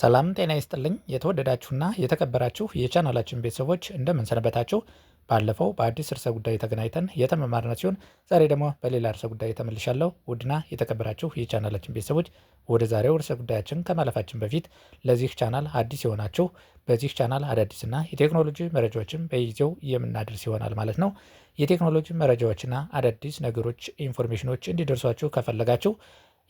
ሰላም ጤና ይስጥልኝ የተወደዳችሁና የተከበራችሁ የቻናላችን ቤተሰቦች እንደምንሰነበታችሁ። ባለፈው በአዲስ ርዕሰ ጉዳይ ተገናኝተን የተመማርነ ሲሆን ዛሬ ደግሞ በሌላ ርዕሰ ጉዳይ ተመልሻለሁ። ውድና የተከበራችሁ የቻናላችን ቤተሰቦች ወደ ዛሬው ርዕሰ ጉዳያችን ከማለፋችን በፊት ለዚህ ቻናል አዲስ የሆናችሁ በዚህ ቻናል አዳዲስና የቴክኖሎጂ መረጃዎችን በጊዜው የምናደርስ ይሆናል ማለት ነው። የቴክኖሎጂ መረጃዎችና አዳዲስ ነገሮች ኢንፎርሜሽኖች እንዲደርሷችሁ ከፈለጋችሁ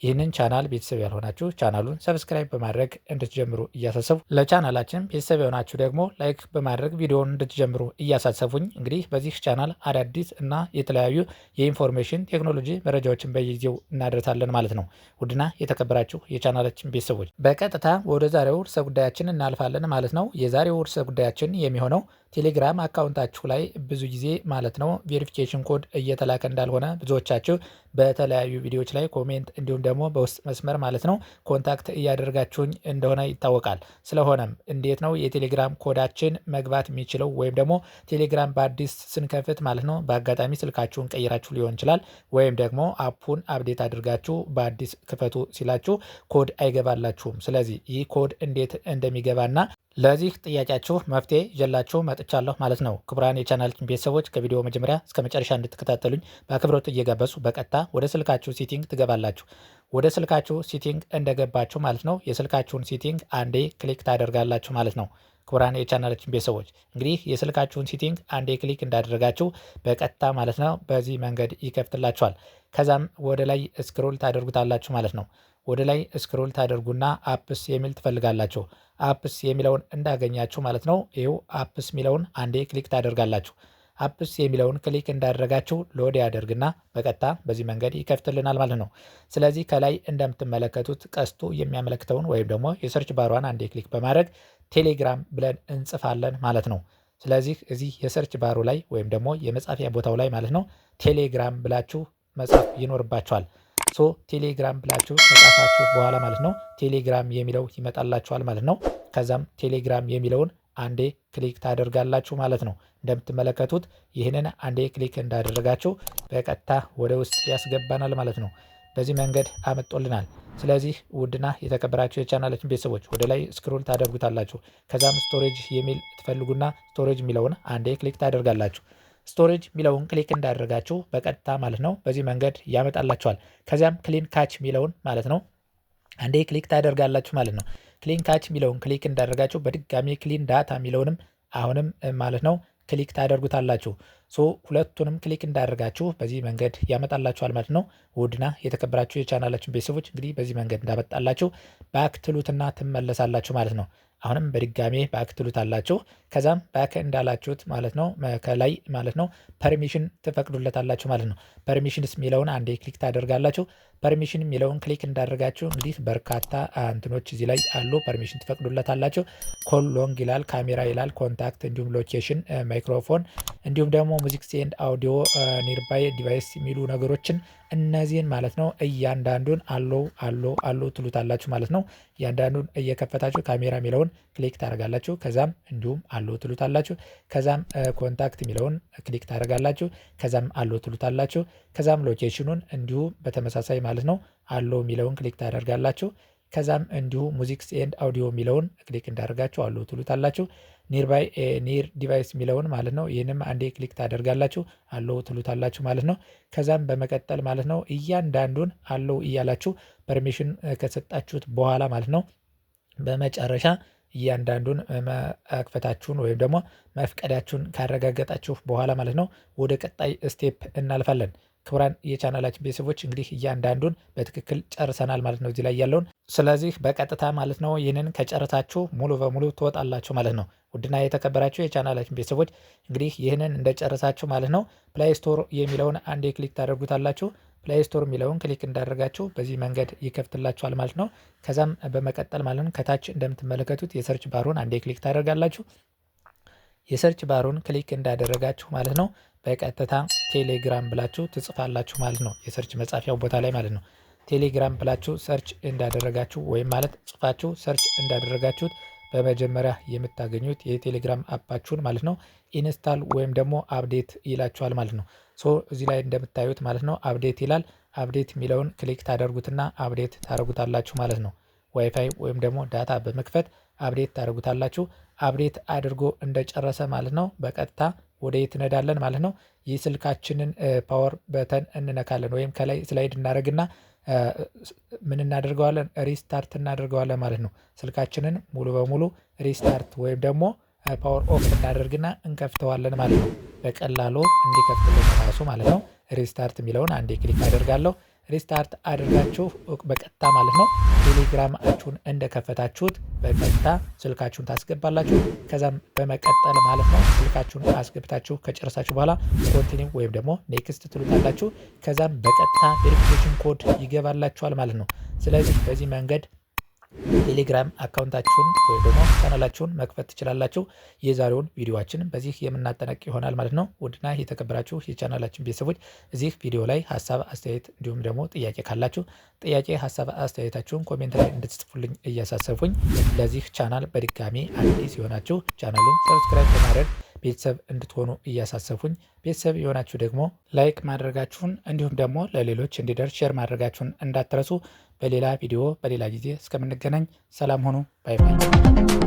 ይህንን ቻናል ቤተሰብ ያልሆናችሁ ቻናሉን ሰብስክራይብ በማድረግ እንድትጀምሩ እያሳሰቡ ለቻናላችን ቤተሰብ የሆናችሁ ደግሞ ላይክ በማድረግ ቪዲዮውን እንድትጀምሩ እያሳሰቡኝ እንግዲህ በዚህ ቻናል አዳዲስ እና የተለያዩ የኢንፎርሜሽን ቴክኖሎጂ መረጃዎችን በየጊዜው እናደርሳለን ማለት ነው። ውድና የተከበራችሁ የቻናላችን ቤተሰቦች በቀጥታ ወደ ዛሬው ርዕሰ ጉዳያችን እናልፋለን ማለት ነው። የዛሬው ርዕሰ ጉዳያችን የሚሆነው ቴሌግራም አካውንታችሁ ላይ ብዙ ጊዜ ማለት ነው ቬሪፊኬሽን ኮድ እየተላከ እንዳልሆነ ብዙዎቻችሁ በተለያዩ ቪዲዮዎች ላይ ኮሜንት እንዲሁም ደግሞ በውስጥ መስመር ማለት ነው ኮንታክት እያደረጋችሁኝ እንደሆነ ይታወቃል። ስለሆነም እንዴት ነው የቴሌግራም ኮዳችን መግባት የሚችለው ወይም ደግሞ ቴሌግራም በአዲስ ስንከፍት ማለት ነው በአጋጣሚ ስልካችሁን ቀይራችሁ ሊሆን ይችላል ወይም ደግሞ አፑን አፕዴት አድርጋችሁ በአዲስ ክፈቱ ሲላችሁ ኮድ አይገባላችሁም። ስለዚህ ይህ ኮድ እንዴት እንደሚገባና ለዚህ ጥያቄያችሁ መፍትሄ ይዤላችሁ መጥቻለሁ ማለት ነው። ክቡራን የቻናላችን ቤተሰቦች ከቪዲዮ መጀመሪያ እስከ መጨረሻ እንድትከታተሉኝ በአክብሮት እየጋበዙ በቀጥታ ወደ ስልካችሁ ሴቲንግ ትገባላችሁ። ወደ ስልካችሁ ሴቲንግ እንደገባችሁ ማለት ነው የስልካችሁን ሴቲንግ አንዴ ክሊክ ታደርጋላችሁ ማለት ነው። ክቡራን የቻናላችን ቤተሰቦች እንግዲህ የስልካችሁን ሴቲንግ አንዴ ክሊክ እንዳደረጋችሁ በቀጥታ ማለት ነው በዚህ መንገድ ይከፍትላችኋል። ከዛም ወደ ላይ ስክሮል ታደርጉታላችሁ ማለት ነው። ወደ ላይ ስክሮል ታደርጉና አፕስ የሚል ትፈልጋላችሁ። አፕስ የሚለውን እንዳገኛችሁ ማለት ነው። ይኸው አፕስ የሚለውን አንዴ ክሊክ ታደርጋላችሁ። አፕስ የሚለውን ክሊክ እንዳደረጋችሁ ሎድ ያደርግና በቀጥታ በዚህ መንገድ ይከፍትልናል ማለት ነው። ስለዚህ ከላይ እንደምትመለከቱት ቀስቱ የሚያመለክተውን ወይም ደግሞ የሰርች ባሯን አንዴ ክሊክ በማድረግ ቴሌግራም ብለን እንጽፋለን ማለት ነው። ስለዚህ እዚህ የሰርች ባሩ ላይ ወይም ደግሞ የመጻፊያ ቦታው ላይ ማለት ነው ቴሌግራም ብላችሁ መጻፍ ይኖርባችኋል። ሶ ቴሌግራም ብላችሁ ከጻፋችሁ በኋላ ማለት ነው ቴሌግራም የሚለው ይመጣላችኋል ማለት ነው። ከዛም ቴሌግራም የሚለውን አንዴ ክሊክ ታደርጋላችሁ ማለት ነው። እንደምትመለከቱት ይህንን አንዴ ክሊክ እንዳደረጋችሁ በቀጥታ ወደ ውስጥ ያስገባናል ማለት ነው። በዚህ መንገድ አመጦልናል። ስለዚህ ውድና የተከበራችሁ የቻናላችን ቤተሰቦች ወደ ላይ ስክሮል ታደርጉታላችሁ። ከዛም ስቶሬጅ የሚል ትፈልጉና ስቶሬጅ የሚለውን አንዴ ክሊክ ታደርጋላችሁ። ስቶሬጅ የሚለውን ክሊክ እንዳደረጋችሁ በቀጥታ ማለት ነው በዚህ መንገድ ያመጣላችኋል። ከዚያም ክሊን ካች የሚለውን ማለት ነው አንዴ ክሊክ ታደርጋላችሁ ማለት ነው። ክሊን ካች የሚለውን ክሊክ እንዳደረጋችሁ በድጋሚ ክሊን ዳታ የሚለውንም አሁንም ማለት ነው ክሊክ ታደርጉታላችሁ። ሶ ሁለቱንም ክሊክ እንዳደርጋችሁ በዚህ መንገድ ያመጣላችኋል ማለት ነው። ውድና የተከበራችሁ የቻናላችን ቤተሰቦች እንግዲህ በዚህ መንገድ እንዳመጣላችሁ ባክትሉትና ትመለሳላችሁ ማለት ነው። አሁንም በድጋሜ ባክ ትሉታላችሁ። ከዛም ባክ እንዳላችሁት ማለት ነው ከላይ ማለት ነው ፐርሚሽን ትፈቅዱለታላችሁ ማለት ነው። ፐርሚሽንስ የሚለውን አንዴ ክሊክ ታደርጋላችሁ። ፐርሚሽን የሚለውን ክሊክ እንዳደርጋችሁ እንግዲህ በርካታ እንትኖች እዚህ ላይ አሉ። ፐርሚሽን ትፈቅዱለታላችሁ። ኮል ሎንግ ይላል ካሜራ ይላል ኮንታክት እንዲሁም ሎኬሽን ማይክሮፎን እንዲሁም ደግሞ ሙዚክ ሴንድ አውዲዮ ኒርባይ ዲቫይስ የሚሉ ነገሮችን እነዚህን ማለት ነው እያንዳንዱን አሎ አሎ አሎ ትሉታላችሁ ማለት ነው። እያንዳንዱን እየከፈታችሁ ካሜራ የሚለውን ክሊክ ታደርጋላችሁ። ከዛም እንዲሁም አሎ ትሉታላችሁ። ከዛም ኮንታክት የሚለውን ክሊክ ታደርጋላችሁ። ከዛም አሎ ትሉታላችሁ። ከዛም ሎኬሽኑን እንዲሁ በተመሳሳይ ማለት ነው አሎ የሚለውን ክሊክ ታደርጋላችሁ። ከዛም እንዲሁ ሙዚክስ ኤንድ አውዲዮ የሚለውን ክሊክ እንዳደርጋችሁ አሉ ትሉት አላችሁ ኒር ዲቫይስ የሚለውን ማለት ነው። ይህንም አንዴ ክሊክ ታደርጋላችሁ አለው ትሉታላችሁ ማለት ነው። ከዛም በመቀጠል ማለት ነው እያንዳንዱን አለው እያላችሁ ፐርሚሽን ከሰጣችሁት በኋላ ማለት ነው በመጨረሻ እያንዳንዱን መክፈታችሁን ወይም ደግሞ መፍቀዳችሁን ካረጋገጣችሁ በኋላ ማለት ነው ወደ ቀጣይ ስቴፕ እናልፋለን። ክቡራን የቻናላችን ቤተሰቦች እንግዲህ እያንዳንዱን በትክክል ጨርሰናል ማለት ነው እዚህ ላይ ያለውን። ስለዚህ በቀጥታ ማለት ነው ይህንን ከጨረሳችሁ ሙሉ በሙሉ ትወጣላችሁ ማለት ነው። ውድና የተከበራችሁ የቻናላችን ቤተሰቦች እንግዲህ ይህንን እንደጨረሳችሁ ማለት ነው ፕላይ ስቶር የሚለውን አንዴ ክሊክ ታደርጉታላችሁ። ፕላይ ስቶር የሚለውን ክሊክ እንዳደረጋችሁ በዚህ መንገድ ይከፍትላችኋል ማለት ነው። ከዛም በመቀጠል ማለት ነው ከታች እንደምትመለከቱት የሰርች ባሩን አንዴ ክሊክ ታደርጋላችሁ። የሰርች ባሩን ክሊክ እንዳደረጋችሁ ማለት ነው በቀጥታ ቴሌግራም ብላችሁ ትጽፋላችሁ ማለት ነው። የሰርች መጻፊያው ቦታ ላይ ማለት ነው። ቴሌግራም ብላችሁ ሰርች እንዳደረጋችሁ ወይም ማለት ጽፋችሁ ሰርች እንዳደረጋችሁት በመጀመሪያ የምታገኙት የቴሌግራም አፓችሁን ማለት ነው ኢንስታል ወይም ደግሞ አፕዴት ይላችኋል ማለት ነው። ሶ እዚህ ላይ እንደምታዩት ማለት ነው አፕዴት ይላል። አፕዴት የሚለውን ክሊክ ታደርጉትና አፕዴት ታደርጉታላችሁ ማለት ነው። ዋይፋይ ወይም ደግሞ ዳታ በመክፈት አፕዴት ታደርጉታላችሁ። አፕዴት አድርጎ እንደጨረሰ ማለት ነው በቀጥታ ወደ የት እንሄዳለን ማለት ነው። ስልካችንን ፓወር በተን እንነካለን ወይም ከላይ ስላይድ እናደርግና ምን እናደርገዋለን ሪስታርት እናደርገዋለን ማለት ነው። ስልካችንን ሙሉ በሙሉ ሪስታርት ወይም ደግሞ ፓወር ኦፍ እናደርግና እንከፍተዋለን ማለት ነው። በቀላሉ እንዲከፍትልን ራሱ ማለት ነው። ሪስታርት የሚለውን አንዴ ክሊክ አደርጋለሁ። ሪስታርት አድርጋችሁ በቀጥታ ማለት ነው ቴሌግራማችሁን እንደከፈታችሁት በቀጥታ ስልካችሁን ታስገባላችሁ። ከዛም በመቀጠል ማለት ነው ስልካችሁን አስገብታችሁ ከጨረሳችሁ በኋላ ኮንቲኒ ወይም ደግሞ ኔክስት ትሉታላችሁ። ከዛም በቀጥታ ቬሪፊኬሽን ኮድ ይገባላችኋል ማለት ነው። ስለዚህ በዚህ መንገድ ቴሌግራም አካውንታችሁን ወይም ደግሞ ቻናላችሁን መክፈት ትችላላችሁ። የዛሬውን ቪዲዮችን በዚህ የምናጠናቅ ይሆናል ማለት ነው። ውድና የተከበራችሁ የቻናላችን ቤተሰቦች እዚህ ቪዲዮ ላይ ሀሳብ አስተያየት፣ እንዲሁም ደግሞ ጥያቄ ካላችሁ ጥያቄ፣ ሀሳብ አስተያየታችሁን ኮሜንት ላይ እንድትጽፉልኝ እያሳሰብኩኝ ለዚህ ቻናል በድጋሚ አዲስ የሆናችሁ ቻናሉን ሰብስክራይብ በማድረግ ቤተሰብ እንድትሆኑ እያሳሰፉኝ ቤተሰብ የሆናችሁ ደግሞ ላይክ ማድረጋችሁን እንዲሁም ደግሞ ለሌሎች እንዲደርስ ሼር ማድረጋችሁን እንዳትረሱ። በሌላ ቪዲዮ በሌላ ጊዜ እስከምንገናኝ ሰላም ሆኑ። ባይ ባይ።